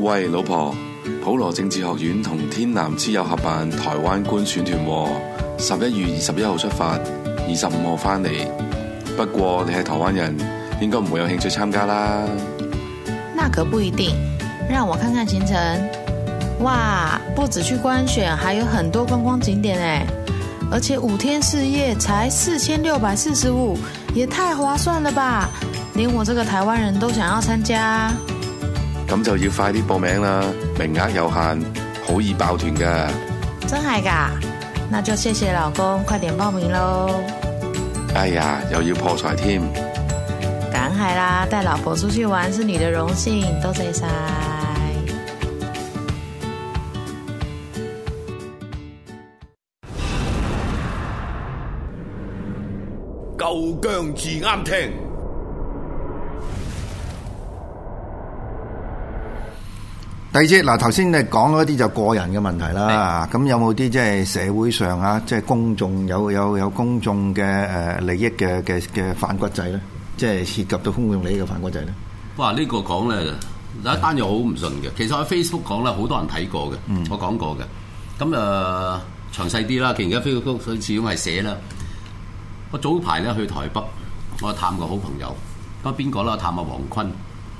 喂，老婆，普羅政治學院同天南之友合辦台灣觀選團喎，十一月二十一號出發，二十五號翻嚟。不過你係台灣人，應該唔會有興趣參加啦。那可不一定，讓我看看行程。哇，不止去觀選，還有很多觀光景點誒，而且五天四夜才四千六百四十五，也太划算了吧！連我這個台灣人都想要參加。咁就要快啲報名啦，名額有限，好易爆團㗎。真係噶，那就謝謝老公，快點報名咯。名哎呀，又要破財添。梗係啦，帶老婆出去玩是你的榮幸，多謝晒。夠姜至啱聽。第二隻嗱，頭先你講嗰啲就個人嘅問題啦，咁是有冇啲即係社會上啊，即、就、係、是、公眾有有有公眾嘅誒利益嘅嘅嘅反骨仔咧？即、就、係、是、涉及到公眾利益嘅反骨仔咧？哇！這個、呢個講咧，有一單又好唔順嘅，其實喺 Facebook 講咧，好多人睇過嘅，嗯、我講過嘅。咁誒詳細啲啦，既然而家 Facebook 佢始終係寫啦，我早排咧去台北，我探個好朋友，不過邊個啦？我探阿黃坤，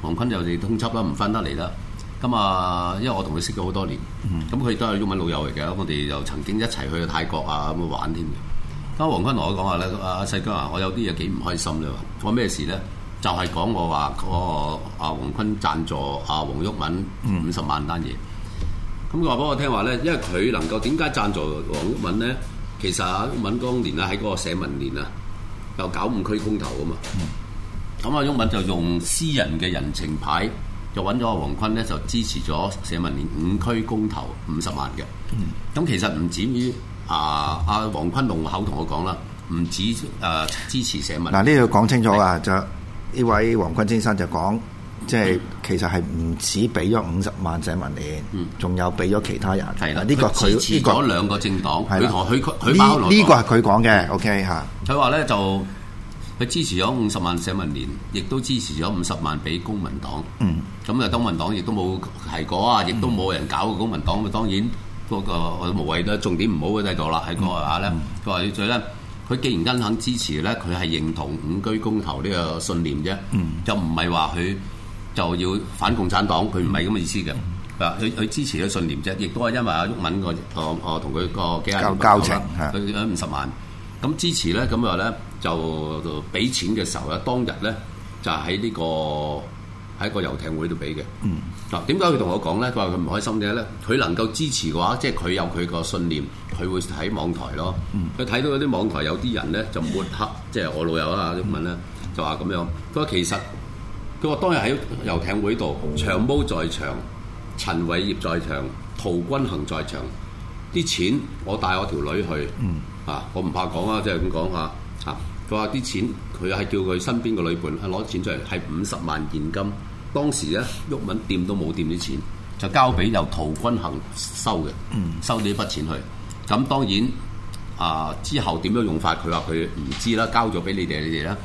黃坤又哋通緝啦，唔返得嚟啦。咁啊，因為我同佢識咗好多年，咁佢都係毓民老友嚟嘅，咁我哋又曾經一齊去泰國啊咁玩添嘅。咁黃坤同我講話咧，阿、啊、細哥啊，我有啲嘢幾唔開心咧。講咩事咧？就係、是、講我話嗰個阿黃坤贊助阿黃毓民五十萬單嘢。咁佢話俾我聽話咧，因為佢能夠點解贊助黃毓民咧？其實毓民當年咧喺嗰個社民連啊，又搞五區公投啊嘛。咁阿毓民就用私人嘅人情牌。就揾咗阿黃坤咧，就支持咗社民連五區公投五十萬嘅。咁、嗯、其實唔止於啊，阿黃坤同口同我講啦，唔止誒、啊、支持社民連。嗱呢度講清楚啊，是 就呢位黃坤先生就講，即、就、係、是、其實係唔止俾咗五十萬社民連，仲、嗯、有俾咗其他人。係啦的，呢、這個佢支持咗兩個政黨。係佢同佢包攏。呢呢個係佢講嘅，OK 嚇。佢話咧就。佢支持咗五十萬社民連，亦都支持咗五十萬俾公民黨。咁啊，也沒人搞公民黨亦都冇提過啊，亦都冇人搞個公民黨。咁當然嗰我無謂啦。重點唔好嘅制度啦，喺嗰下咧，佢話最咧，佢既然恩肯支持咧，佢係認同五區公投呢個信念啫，嗯、就唔係話佢就要反共產黨，佢唔係咁嘅意思嘅。佢佢支持咗信念啫，亦都係因為阿毓民個我同佢個交交情，佢嘅五十萬咁支持咧，咁話咧。就俾錢嘅時候咧，當日咧就喺、是、呢、這個喺個遊艇會度俾嘅。嗱、嗯，點解佢同我講咧？佢話佢唔開心嘅咧，佢能夠支持嘅話，即係佢有佢個信念，佢會睇網台咯。佢睇、嗯、到嗰啲網台有啲人咧，就抹黑，即、就、係、是、我老友啦、啊，啲文咧就話咁樣。佢話其實佢話當日喺遊艇會度，嗯、長毛在場，陳偉業在場，陶君行在場，啲錢我帶我條女去、嗯、啊，我唔怕講啦，即係咁講嚇。啊！佢話啲錢，佢係叫佢身邊個女伴攞錢出嚟，係五十萬現金。當時咧，毓民掂都冇掂啲錢，就交俾由陶君行收嘅，收呢筆錢去。咁當然啊，之後點樣用法，佢話佢唔知啦。交咗俾你哋，你哋啦。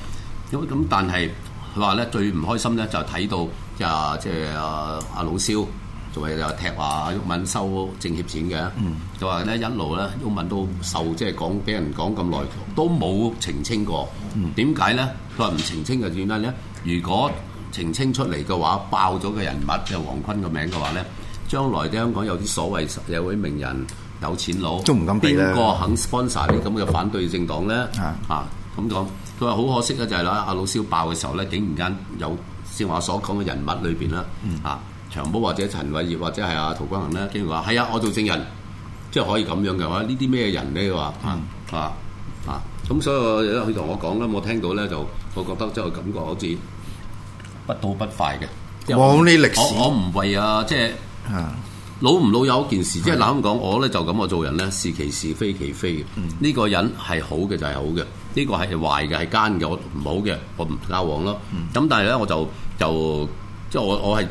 咁咁，但係佢話咧，最唔開心咧，就睇到就即係阿阿老蕭。做就係又踢話阿毓民收政協錢嘅，嗯、就話咧一路咧毓民都受即係講俾人講咁耐，都冇澄清過。點解咧？佢話唔澄清就算啦。咧，如果澄清出嚟嘅話，爆咗個人物就係黃坤嘅名嘅話咧，將來啲香港有啲所謂有啲名人有錢佬，都唔敢邊咧，邊個肯 sponsor 啲咁嘅反對政黨咧？嚇嚇咁講。佢話好可惜啊，就係咧，阿老蕭爆嘅時候咧，竟然間有先話所講嘅人物裏邊咧嚇。嗯長毛或者陳偉業或者係阿陶君行咧，竟然話：係啊，我做證人，即係可以咁樣嘅話，這些什麼呢啲咩人咧？話啊、嗯、啊，咁所以咧，佢同我講啦。」我聽到咧就，我覺得即係感覺好似不吐不快嘅。冇呢我歷史，我唔為啊，即係、嗯、老唔老有一件事，即係咁講，嗯、我咧就咁我做人咧是其是非其非嘅。呢、嗯、個人係好嘅就係好嘅，呢、這個係壞嘅係奸嘅，我唔好嘅我唔交往咯。咁、嗯嗯、但係咧我就就即係我我係。嗯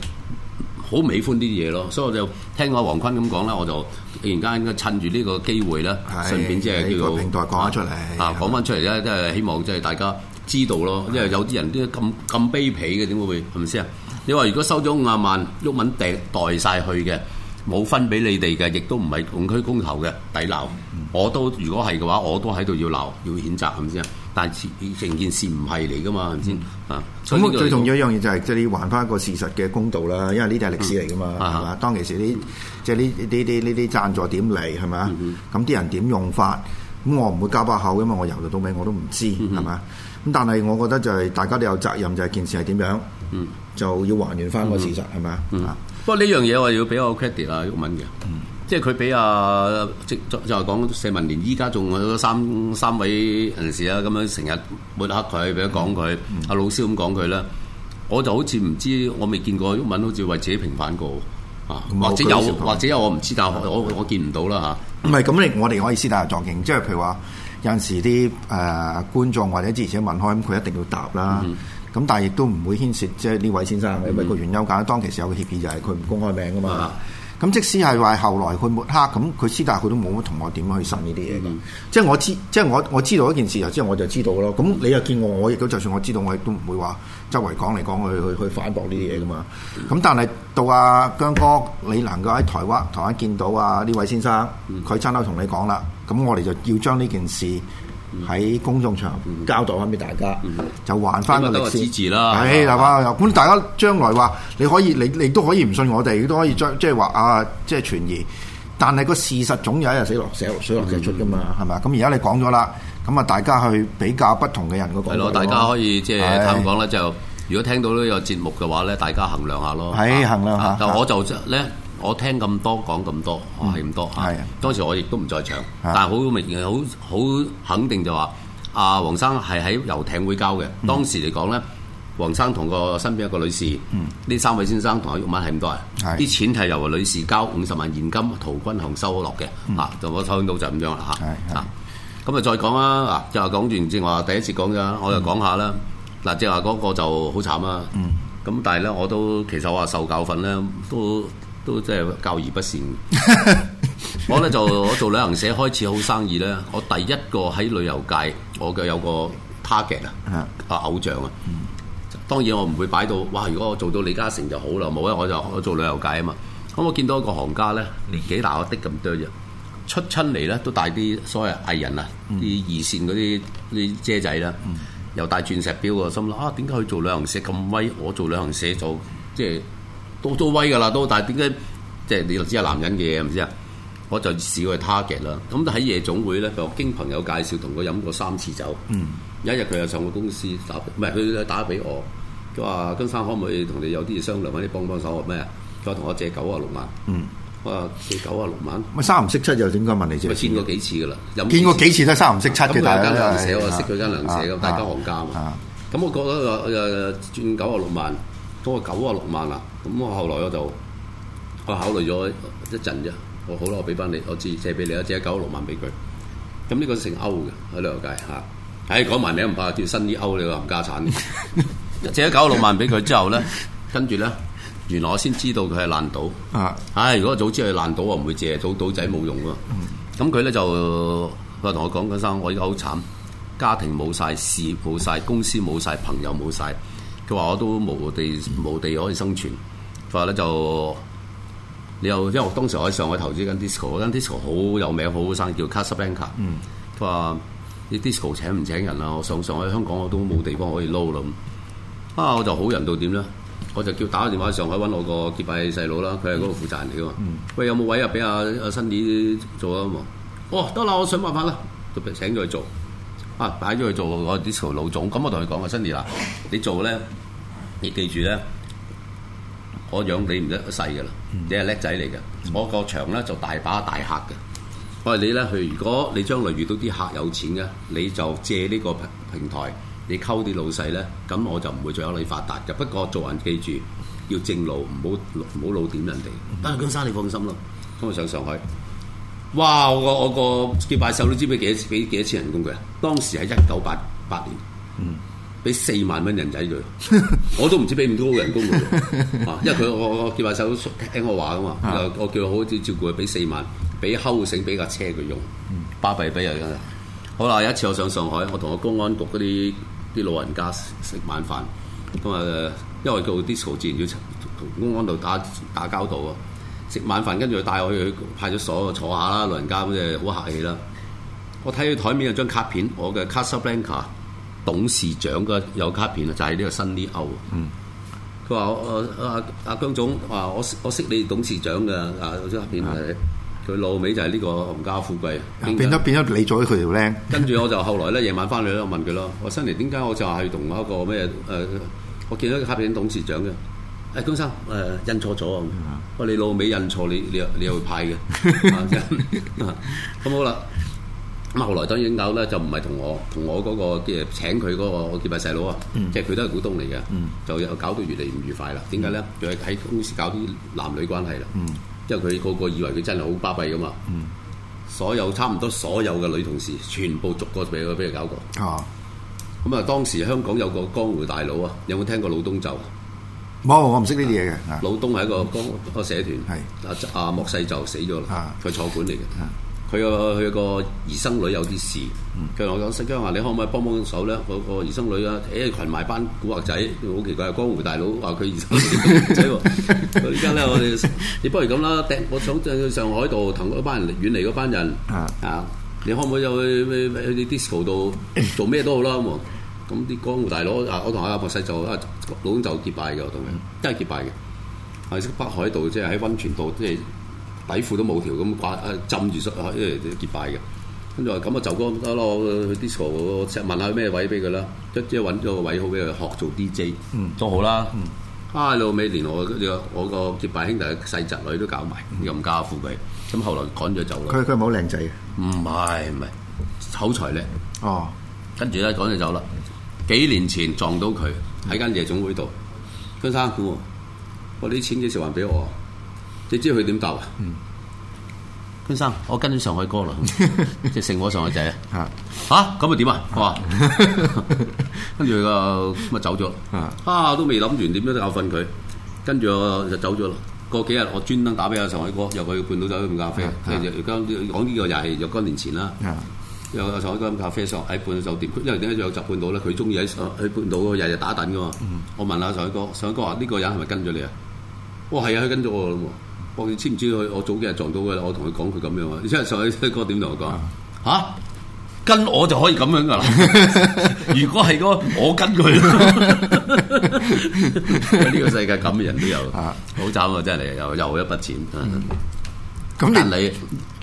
好喜美呢啲嘢咯，所以我就聽阿黃坤咁講啦，我就突然間趁住呢個機會咧，唉順便即係呢做個平台講翻出嚟啊，講翻吧、啊、出嚟啫，即、就、係、是、希望即係大家知道咯，吧因為有啲人啲咁咁卑鄙嘅點會會係咪先啊？你話如果收咗五廿萬，鬱文，掟代晒去嘅。冇分俾你哋嘅，亦都唔係五區公投嘅底樓。我都如果係嘅話，我都喺度要鬧要譴責係咪先？但係成件事唔係嚟噶嘛，係咪、嗯、先啊？咁最重要一樣嘢就係即係要還翻一個事實嘅公道啦。因為呢啲係歷史嚟噶嘛，係嘛？當其時即係呢呢啲呢啲贊助點嚟係咪咁啲人點用法？咁我唔會交把口因為。我由到到尾我都唔知係咪咁，但係我覺得就係、是、大家都有責任，就係件事係點樣，嗯、就要還原翻個事實係咪啊？嗯吧不過呢樣嘢我要俾我 credit、嗯、啊，毓民嘅，即係佢俾啊，即就係講社民連，依家仲有三三位人士啊，咁樣成日抹黑佢，俾佢講佢，阿、嗯、老師咁講佢啦，我就好似唔知，我未見過毓民好似為自己平反過啊。嗯、或者有，嗯、或者有我唔知道，嗯、我我見唔到啦嚇。唔係咁我哋可以私底下作證，即係譬如話有陣時啲誒、呃、觀眾或者之前且問開，佢一定要答啦。嗯咁但係亦都唔會牽涉即係呢位先生，因為個原因間當其時有個協議，就係佢唔公開名㗎嘛。咁、嗯、即使係話後來佢抹黑，咁佢知但係佢都冇乜同我點去信呢啲嘢即係我知，即係我我知道一件事之後，我就知道咯。咁、嗯、你又見我，我亦都就算我知道，我亦都唔會話周圍講嚟講去去反駁呢啲嘢噶嘛。咁、嗯、但係到阿姜哥，你能夠喺台灣台灣見到啊呢位先生，佢親口同你講啦。咁、嗯、我哋就要將呢件事。喺公眾場交代翻俾大家，就還翻個歷史啦。係，係嘛？咁大家將來話你可以，你你都可以唔信我哋，亦都可以即即係話啊，即係傳疑。但係個事實總有一日水落水落水落石出㗎嘛，係咪？咁而家你講咗啦，咁啊大家去比較不同嘅人嗰個。係咯，大家可以即係探講咧，就如果聽到呢個節目嘅話咧，大家衡量下咯。係衡量下，但我就咧。我聽咁多講咁多，我係咁多嚇。當時我亦都唔在場，但係好明好好肯定就話阿黃生係喺遊艇會交嘅。當時嚟講咧，黃生同個身邊一個女士，呢三位先生同阿毓民係咁多人，啲錢係由女士交五十萬現金，陶君行收好落嘅。就我收到就咁樣啦嚇。咁啊再講啦，嗱，就講完之後，第一次講嘅，我又講下啦。嗱，即係話嗰個就好慘啦。咁但係咧，我都其實我話受教訓咧，都。都真係教而不善 我呢。我咧就我做旅行社開始好生意咧，我第一個喺旅遊界，我嘅有個 target 啊，啊偶像啊。當然我唔會擺到哇，如果我做到李嘉誠就好啦。冇咧我就我做旅遊界啊嘛。咁、嗯、我見到一個行家咧，年紀大我啲咁多啫，出親嚟咧都帶啲所謂藝人啊，啲二線嗰啲啲姐仔啦，又帶鑽石表啊，個心諗啊，點解佢做旅行社咁威？我做旅行社做即係。都都威噶啦，都但係點解？即係你又知係男人嘅嘢唔知啊？我就少去 target 啦。咁喺夜總會咧，就經朋友介紹同佢飲過三次酒。嗯，有一日佢又上個公司打，唔係佢打俾我。佢話：金生可唔可以同你有啲嘢商量，可以幫幫手咩啊？佢話同我借九啊六萬。嗯，我話借九啊六萬，咪三唔識七又點解問你借？咪見過幾次噶啦？了見過幾次都三唔識七嘅。嗯、大家啦，就是。寫我識佢間兩寫嘅，大家行家啊。咁嘛、啊、我覺得又又轉九啊六萬，多過九啊六萬啦。咁我、嗯、後來我就我考慮咗一陣啫，我好啦，我俾翻你，我至借俾你，我借你我借9、嗯這個、啊，借九六萬俾佢。咁呢個姓歐嘅，喺旅遊界嚇。唉，講埋你唔怕，叫新啲歐你話冚家鏟 借咗九六萬俾佢之後咧，跟住咧，原來我先知道佢係爛賭。啊，唉、哎，如果我早知佢爛賭，我唔會借賭賭，賭，賭，賭仔冇用啊。咁佢咧就佢同我講祥生，我依家好慘，家庭冇晒，事業冇晒，公司冇晒，朋友冇晒。」佢話我都無地無地可以生存。話咧就，你又因為我當時我喺上海投資緊 disco，緊 disco 好有名好生叫 Casablanca，佢話你 disco 請唔請人啊？我上上海香港我都冇地方可以撈啦，啊我就好人到點咧？我就叫打個電話喺上海揾我個結拜細佬啦，佢係嗰度負責人嚟㗎嘛。嗯、喂有冇位啊？俾阿阿 Sunny 做啊嘛？哦得啦，我想辦法啦，就請咗佢做，啊擺咗佢做我 disco 老總。咁我同佢講阿 Sunny 嗱，你做咧，你記住咧。我養你唔得一世噶啦，你係叻仔嚟嘅。嗯、我個場咧就大把大客嘅。我話你咧，佢如果你將來遇到啲客有錢嘅，你就借呢個平平台，你溝啲老細咧，咁我就唔會再有你發達嘅。不過做人記住要正路，唔好唔好老點人哋。嗯嗯、但係姜生你放心咯，咁我上上海，哇！我個我個結拜壽都知唔知幾多幾幾多錢人工嘅？當時係一九八八年。嗯俾四萬蚊人仔佢， 我都唔知俾唔高人工佢， 因為佢我我叫阿叔聽我話噶嘛，我叫佢 好好照顧佢，俾四萬，俾齁醒，俾架車佢用，巴閉俾佢。好啦，有一次我上上海，我同個公安局嗰啲啲老人家食晚飯，咁、嗯、啊，因為做 Disco 自然要同公安度打打交道啊。食晚飯，跟住帶我去去派出所坐下啦，老人家咁就好客氣啦。我睇佢台面有張卡片，我嘅卡莎蘭卡。董事長個有卡片是 o,、嗯、啊，就喺呢個新啲歐。嗯，佢話：我阿阿姜總話我我識你董事長嘅啊，有張卡片係佢老尾就係呢、這個冚家富貴，啊、個變咗變咗你做咗佢條僆。跟 住我就後來咧夜晚翻嚟咧，我問佢咯：我新嚟點解我就係同阿一個咩誒、啊？我見到一個卡片董事長嘅誒、啊啊、姜生誒、啊、印錯咗，喂，嗯、你老尾印錯，你你你又會派嘅？咁、 啊啊、好啦。咁啊，後來當然搞咧就唔係同我，同我嗰個即係請佢嗰個結拜細佬啊，即係佢都係股東嚟嘅，就搞到越嚟越唔愉快啦。點解咧？仲係喺公司搞啲男女關係啦，因為佢個個以為佢真係好巴閉噶嘛，所有差唔多所有嘅女同事全部逐個逐個俾佢搞過。啊，咁啊，當時香港有個江湖大佬啊，你有冇聽過老東就？冇，我唔識呢啲嘢嘅。老東係一個江，一個社團，係啊啊莫世就死咗啦，佢坐館嚟嘅。佢個佢個兒生女有啲事，佢同、嗯、我講：新疆啊，你可唔可以幫幫手咧？嗰個兒生女咧、啊，誒群埋班古惑仔，好奇怪！江湖大佬話佢兒生女古惑仔喎。而家咧，我哋你不如咁啦，我想去上海度同一班人遠離嗰班人啊，啊！你可唔可以去去去啲 disco 度做咩都好啦？咁啲、 啊、江湖大佬啊，我同阿阿佛世就老公就結拜嘅，同、嗯、真係結拜嘅。喺、啊、北海道即係喺溫泉度即係。即係底褲都冇條咁掛啊！浸住濕，因為結拜嘅，跟住話咁啊，就哥得咯，我去啲 Disco 問下咩位俾佢啦，即即係揾咗個位好俾佢學做 DJ，嗯，都好啦，嗯，啊老尾連我我個結拜兄弟嘅細侄女都搞埋，嗯、又唔嫁富貴，咁後來趕咗走。佢佢唔係好靚仔嘅，唔係唔係，口才叻哦，跟住咧趕咗走啦。幾年前撞到佢喺間夜總會度，張生，我啲錢幾時還俾我？你知佢點答啊？潘、嗯、生，我跟咗上，上海哥啦，即係 成我上海仔啊！吓？咁啊點啊？哇、啊！啊、 跟住佢就咁啊走咗啊！都未諗完點樣教訓佢，跟住我就走咗啦。過幾日我專登打俾阿上，上海哥，又去半島酒店咖啡。而家講呢個又係若干年前啦。有、啊、上海哥飲咖啡喺半島酒店，因為點解有集半島咧？佢中意喺喺半島日日打盹噶嘛。嗯、我問阿上海哥，上海哥話：呢個人係咪跟咗你、哦、啊？哇，係啊，佢跟咗我啦。我你知唔知佢？我早幾日撞到佢啦，我同佢講佢咁樣哥哥說啊，你真係上去哥點同我講？吓，跟我就可以咁樣噶啦。 如果係、嗰個我跟佢，呢 個世界咁嘅人都有好慘啊，啊！真係又又一筆錢。咁、嗯、但你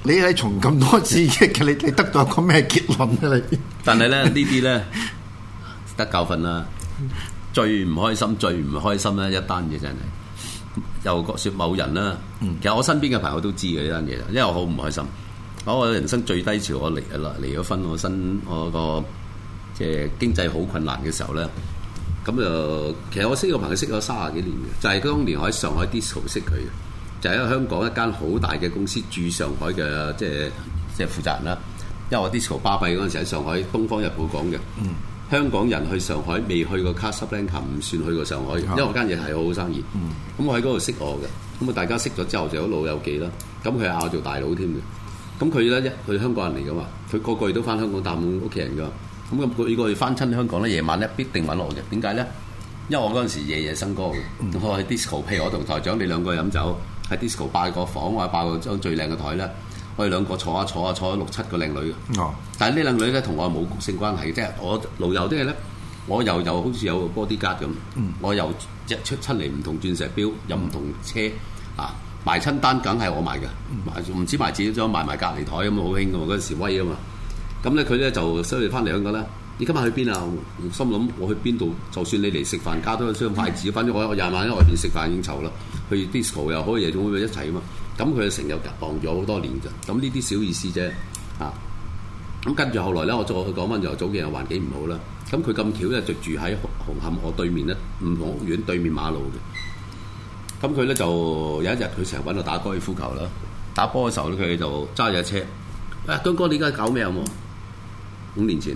你喺從咁多次嘅，你 你得到個咩結論咧、啊？但你但係咧呢啲咧得教訓啦。最唔開心，最唔開心咧一單嘢真係。又各説某人啦，其實我身邊嘅朋友都知嘅呢單嘢，因為我好唔開心，我我人生最低潮我了了我，我離咗啦，離咗婚，我身我個即係經濟好困難嘅時候咧，咁就其實我識個朋友識咗卅幾年嘅，就係、是、當年我喺上海 Disco 識佢，就喺、是、香港一間好大嘅公司駐上海嘅即係即係負責人啦，因為我 Disco 巴閉嗰陣時喺上海《東方日報》講嘅。香港人去上海未去過 Casablanca 唔算去過上海，因為間嘢係好好生意。咁、嗯、我喺嗰度識我嘅，咁啊大家識咗之後就老有老友記啦。咁佢又嗌我做大佬添嘅。咁佢咧一佢香港人嚟噶嘛，佢個個月都翻香港探屋企人㗎。咁咁個個月翻親香港咧，夜晚咧必定揾我嘅。點解咧？因為我嗰陣時候夜夜笙歌嘅，我喺 disco，譬如我同台長你兩個飲酒喺 disco 拜個房，我係拜個張最靚嘅台啦。我哋兩個坐下坐下坐咗六七個靚女嘅。啊、但係呢靚女咧同我冇性關係，即係我老友啲嘢咧，我又，又好有好似有 bodyguard 咁，嗯、我又日出出嚟唔同鑽石錶，又唔同車、嗯、啊，埋親單梗係我埋嘅，唔知、嗯、埋自己，埋埋埋隔離台咁啊，好興㗎嘛，嗰陣時威啊嘛，咁咧佢咧就收你翻嚟兩個啦，你今日去邊啊？我心諗我去邊度，就算你嚟食飯加多一雙筷子，的反正我廿晚喺外邊食飯應酬啦，去 disco 又好嘢，夜總會一齊啊嘛。咁佢就成日望咗好多年咋，咁呢啲小意思啫，啊，咁跟住後來咧，我再講翻就早期嘅環境唔好啦。咁佢咁巧咧就住喺紅，紅磡我對面咧，唔同屋苑對面馬路嘅。咁佢咧就有一日佢成日搵我打高爾夫球啦。打波嘅時候咧，佢就揸住車。喂、啊、姜哥你而家搞咩冇？五、嗯、年前，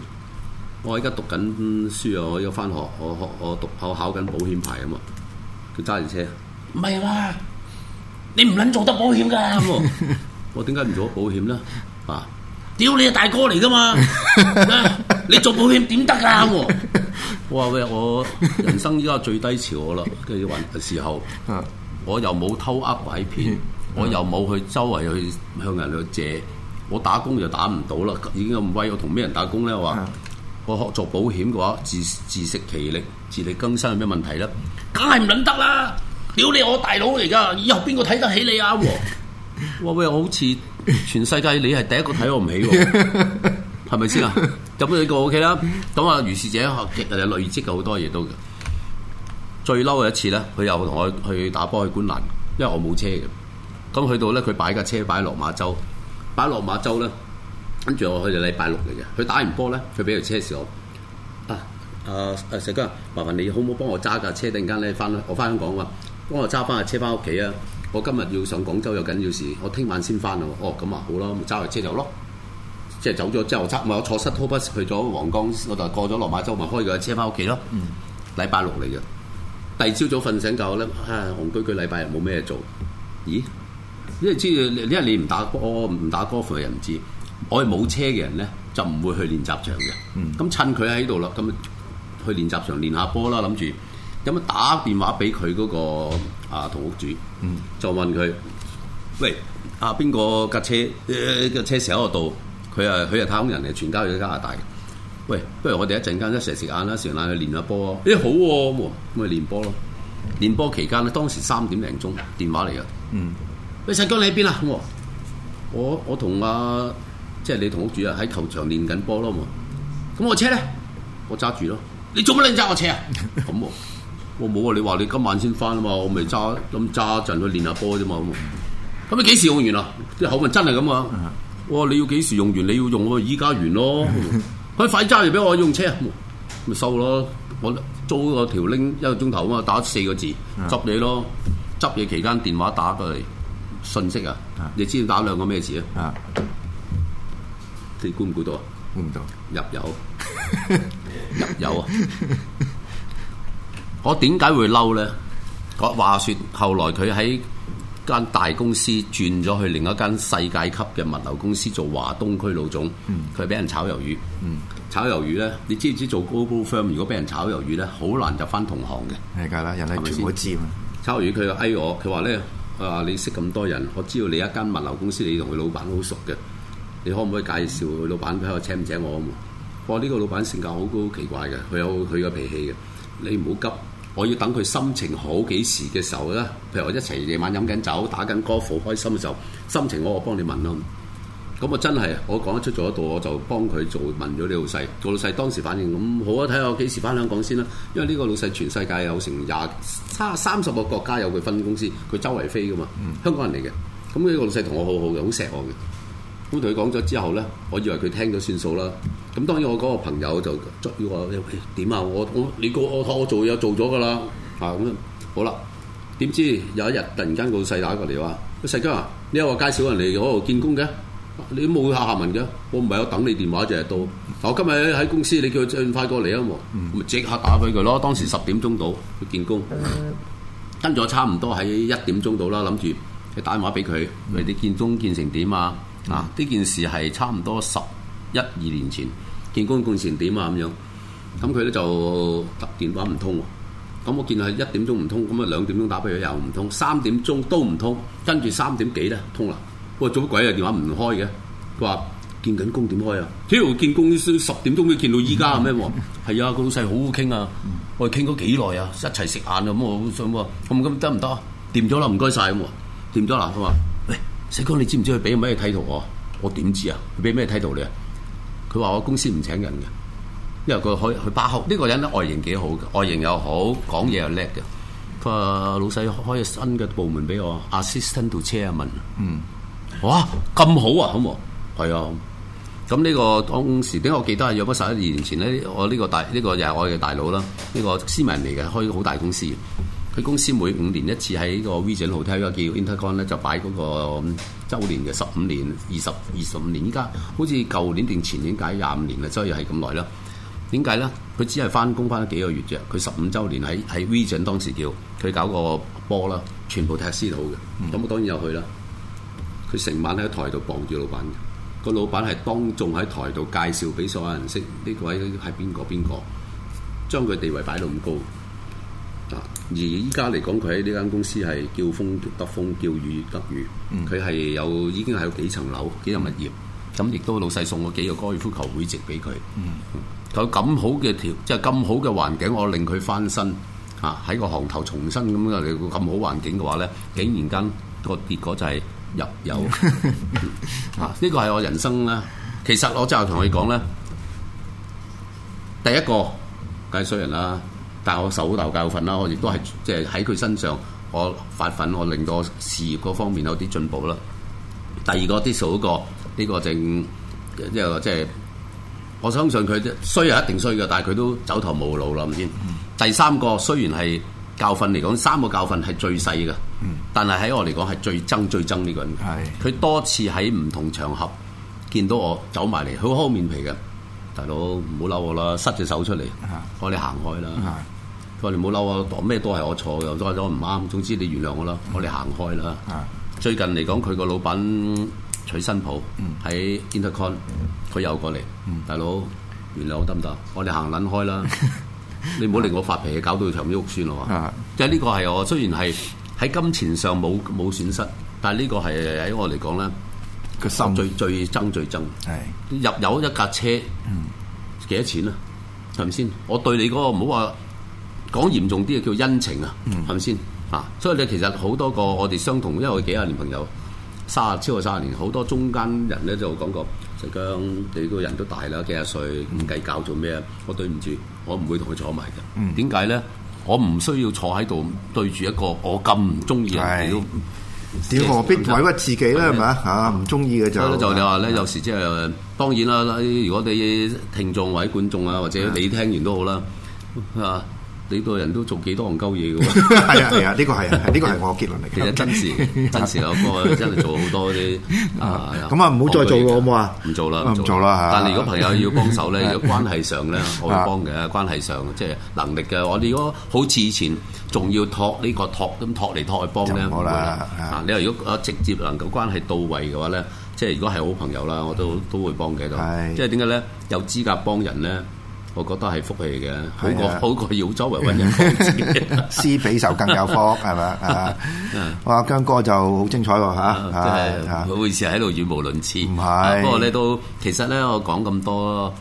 我而家讀緊書啊，我要翻學，我我讀我考緊保險牌咁嘛。啊，佢揸住車。唔係啊嘛？你唔捻做得保險噶？ 我點解唔做得保險咧？啊！屌你係大哥嚟噶嘛！ 你做保險點得啊？ 我話喂，我人生依家最低潮我啦，跟住嘅時候， 我又冇偷呃拐騙，嗯、我又冇去周圍去向人去借，嗯、我打工又打唔到啦，已經咁威，我同咩人打工咧？我話 我學做保險嘅話，自自食其力、自力更生有咩問題咧？梗係唔捻得啦！屌你！我大佬嚟噶，以後邊個睇得起你啊？我 喂，我好似全世界你係第一個睇我唔起，係咪先啊？咁你個 OK 啦。咁啊，如是者，其實有累積嘅好多嘢都。嘅。最嬲嘅一次咧，佢又同我去打波去觀瀾，因為我冇車嘅。咁去到咧，佢擺架車擺喺落馬洲。擺喺落馬洲咧，跟住我佢哋禮拜六嚟嘅。佢打完波咧，佢俾條車匙我。啊，誒、啊、誒，石哥，麻煩你好唔好幫我揸架車？突然間咧，翻我翻香港啊！幫我揸翻架車翻屋企啊！我今日要上廣州有緊要事，我聽晚先翻喎。哦，咁啊好啦，咪揸架車走咯。即係走咗、嗯、之後，揸唔我坐塞拖巴士去咗黃江我就過咗落馬洲，咪開架車翻屋企咯。禮拜六嚟嘅，第二朝早瞓醒覺咧，啊，憨居居禮拜日冇咩做。咦？因為知，因為你唔打波，唔打 golf 嘅人唔知。我係冇車嘅人咧，就唔會去練習場嘅。咁、嗯、趁佢喺度咯，咁去練習場練下波啦，諗住。咁樣打電話俾佢嗰個啊，同屋主、嗯、就問佢：喂，啊邊個架車？誒架車成喺嗰度。佢啊，佢係太空人嚟，全家去咗加拿大。喂，不如我哋一陣間一時時間啦，時間去練下波。咦、欸，好喎、啊、咁，咪練波咯。練波期間咧，當時三點零鐘電話嚟㗎。嗯，喂，石江你喺邊啊？我我同阿，即係你同屋主啊，喺球場練緊波咯。咁我車咧，我揸住咯。你做乜撚揸我車啊？咁喎。我冇、哦、啊！你話你今晚先翻啊嘛，我咪揸咁揸一陣去練下波啫嘛。咁你幾時用完啊？即係口吻真係咁啊！我話、嗯哦、你要幾時用完，你要用我依家完咯。佢、嗯、快揸嚟俾我用車，咪、嗯、收咯。我租嗰條拎一個鐘頭啊嘛，打四個字，執你咯。執嘢期間電話打過嚟，信息啊，嗯、你知道打兩個咩字啊？嗯、你估唔估到啊？估唔不到，入油， 入油啊！我點解會嬲咧？我話説後來佢喺間大公司轉咗去另一間世界級嘅物流公司做華東區老總，佢係俾人炒魷魚。嗯、炒魷魚咧，你知唔知做 Google firm 如果俾人炒魷魚咧，好難就翻同行嘅。係㗎啦，人全我知，炒魷魚佢又哀我，佢話咧：你識咁多人，我知道你一間物流公司，你同佢老闆好熟嘅，你可唔可以介紹佢老闆俾我請唔請我啊？我話呢個老闆性格好高奇怪嘅，佢有佢嘅脾氣嘅，你唔好急。我要等佢心情好幾時嘅時候啦，譬如我一齊夜晚飲緊酒、打緊歌，好開心嘅時候，心情我我幫你問咯。咁啊真係，我講得出做得到，我就幫佢做問咗你老細。做老細當時反應咁好啊，睇下我幾時返香港先啦。因為呢個老細全世界有成廿差三十個國家有佢分公司，佢周圍飛㗎嘛。嗯、香港人嚟嘅，咁呢個老細同我好好嘅，好錫我嘅。佢講咗之後咧，我以為佢聽咗算數啦。咁當然我嗰個朋友就捉於我，喂，點啊？我我你我我做有做咗噶啦，嚇咁樣好啦。點知有一日突然間個細打過嚟話：喂，細哥，你又話介紹人嚟嗰度見工嘅？你冇下下文嘅？我唔係有等你電話就係到。我今日喺公司，你叫佢盡快過嚟啊！我即刻打俾佢咯。當時十點鐘到去見工，跟住我差唔多喺一點鐘到啦，諗住去打電話俾佢，喂、嗯、你見工見成點啊？嗱，呢、啊、件事係差唔多十一二年前，見工幹成點啊？咁樣，咁佢咧就打電話唔通喎，咁我見係一點鐘唔通，咁啊兩點鐘打俾佢又唔通，三點鐘都唔通，跟住三點幾咧通啦，喂，做鬼啊電話唔開嘅，佢話見緊工點開啊？點解見工十點鐘都見到依家係咩？喎，係啊，個老細好好傾啊，我哋傾咗幾耐啊，一齊食晏咁我好想喎，咁得唔得？掂咗啦，唔該晒。咁喎，掂咗啦，佢話。四哥，你知唔知佢俾乜嘢睇圖我？我點知啊？佢俾咩睇圖你啊？佢話我公司唔請人嘅，因為佢可以去巴黑。呢、呢個人咧外形幾好嘅，外形又好，講嘢又叻嘅。佢話老細開新嘅部門俾我，assistant chairman。嗯，哇咁、啊、好啊，好冇？係啊，咁呢個當時，俾我記得係約咗十一年前咧。我呢個大，呢、呢個又係我嘅大佬啦。呢、呢個斯文嚟嘅，開好大公司。佢公司每五年一次喺個 Vision Hotel 叫 Intercon 咧，就擺嗰個週年嘅十五年、二十、二十五年。依家好似舊年定前年解廿五年嘅，所以係咁耐啦。點解咧？佢只係翻工翻咗幾個月啫。佢十五周年喺喺 Vision 當時叫佢搞個波啦，全部踢師徒嘅。咁啊、mm，hmm. 我當然有去啦。佢成晚喺台度傍住老闆嘅，個老闆係當眾喺台度介紹俾所有人識呢、呢個位係邊個邊個，將佢地位擺到咁高。啊！而依家嚟講，佢喺呢間公司係叫風得風，叫雨得雨。佢係、嗯、有已經係有幾層樓，幾層物業。咁亦都老細送咗幾個高爾夫球會籍俾佢。嗯，咁好嘅條，即係咁好嘅環境，我令佢翻身啊！喺個行頭重新咁樣嚟，咁好環境嘅話咧，竟然間個結果就係入有、 嗯、啊！呢、呢個係我人生啦。其實我真係同佢講咧，第一個梗係衰人啦。但係我受咗教訓啦，我亦都係即係喺佢身上，我發奮，我令個事業嗰方面有啲進步啦。第二個啲數嗰個，呢、呢個正即係，我相信佢衰係一定衰嘅，但係佢都走投無路啦，唔知。第三個雖然係教訓嚟講，三個教訓係最細嘅，但係喺我嚟講係最憎最憎呢個人嘅。係佢多次喺唔同場合見到我走埋嚟，好厚面皮嘅大佬，唔好嬲我啦，塞隻手出嚟，我哋行開啦。你唔好嬲啊，咩都係我錯，又多咗唔啱。總之你原諒我啦，我哋行開啦。最近嚟講，佢個老闆娶新抱喺 Intercon，佢又過嚟。大佬原諒我得唔得？我哋行撚開啦。你唔好令我發脾氣，搞到場面鬨亂咯喎。即係呢個係我雖然係喺金錢上冇冇損失，但係呢個係喺我嚟講咧，佢心最最憎最憎。入有一架車，幾多錢啊？係咪先？我對你嗰個唔好話。講嚴重啲嘅叫恩情啊，係咪先啊？所以你其實好多個我哋相同，因為我幾廿年朋友，卅超過卅年，好多中間人咧就講過，就姜你個人都大啦，幾廿歲唔計較做咩？啊，我對唔住，我唔會同佢坐埋嘅。點解咧？我唔需要坐喺度對住一個我咁唔中意嘅人，的你都點何必委屈自己咧？係咪的的啊？嚇唔中意嘅就就你話咧，的有時即係當然啦。如果你聽眾或者觀眾啊，或者你聽完都好啦，的啊。呢個人都做幾多戇鳩嘢㗎喎？係啊係啊，呢個係啊，呢個係我結論嚟嘅。其實真事，真事有個真係做好多啲咁啊，唔好再做咯，好唔好啊？唔做啦，唔做啦。但係如果朋友要幫手咧，如果關係上咧，我會幫嘅。關係上即係能力嘅，我哋如果好似以前仲要託呢個託，咁託嚟託去幫咧，就唔好啦。啊，你如果直接能夠關係到位嘅話咧，即係如果係好朋友啦，我都都會幫嘅。咁，即係點解咧？有資格幫人咧？我覺得係福氣嘅，好過的好過要周圍揾人，施比受更有福係咪？ 啊！哇、啊，姜哥就好精彩喎嚇，即係好似喺度語無倫次。唔係、啊、不過你都其實咧，我講咁多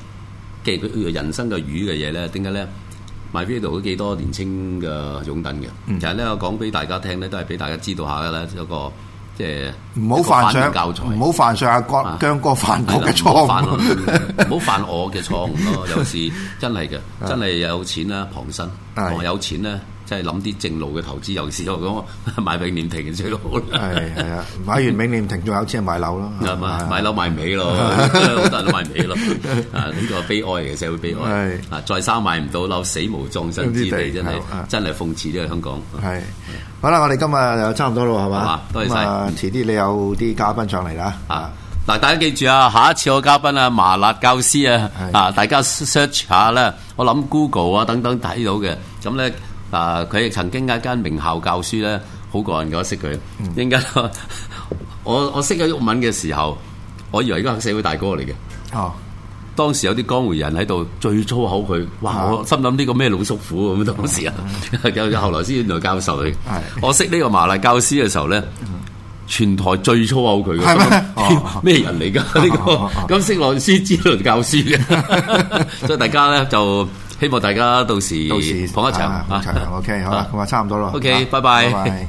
既人生嘅魚嘅嘢咧，點解咧 MyVideo 都幾多年青嘅擁躉嘅，嗯、其實咧我講俾大家聽咧，都係俾大家知道一下嘅啦，一個即係唔好犯上，唔好犯上阿姜哥犯錯嘅錯唔好犯我嘅錯誤咯。有時真係嘅，真係有錢啦，旁身，傍有錢啦，真係諗啲正路嘅投資。有時我講買永年平最好，係係啊，買完永年平仲有錢買樓咯，買樓買唔起咯，好多人都買唔起咯。啊，呢個悲哀嘅社會悲哀，再三買唔到樓，死無葬身之地，真係真係諷刺呢個香港。好啦，我哋今日又差唔多咯，係嘛吧？多謝晒多謝！遲啲你有啲嘉賓上嚟啦。嗱，嗯、大家記住啊，下一次我嘉賓啊，麻辣教師啊，啊，是的 大家 search 下咧，我諗 Google 啊等等睇到嘅。咁咧佢亦曾經有一間名校教書咧，好過人嘅，我識佢。應該，嗯、我我識咗育文嘅時候，我以為一個社會大哥嚟嘅。哦當時有啲江湖人喺度最粗口佢，哇！我心諗，呢個咩老叔父咁？當時啊，咁後來先來教授，我識呢個麻辣教師嘅時候咧，全台最粗口佢嘅，咩人嚟噶呢個？咁識內師資倫教師嘅，所以大家咧就希望大家到時到時捧一場，捧一場。OK，好啦，咁啊差唔多啦。OK，拜拜。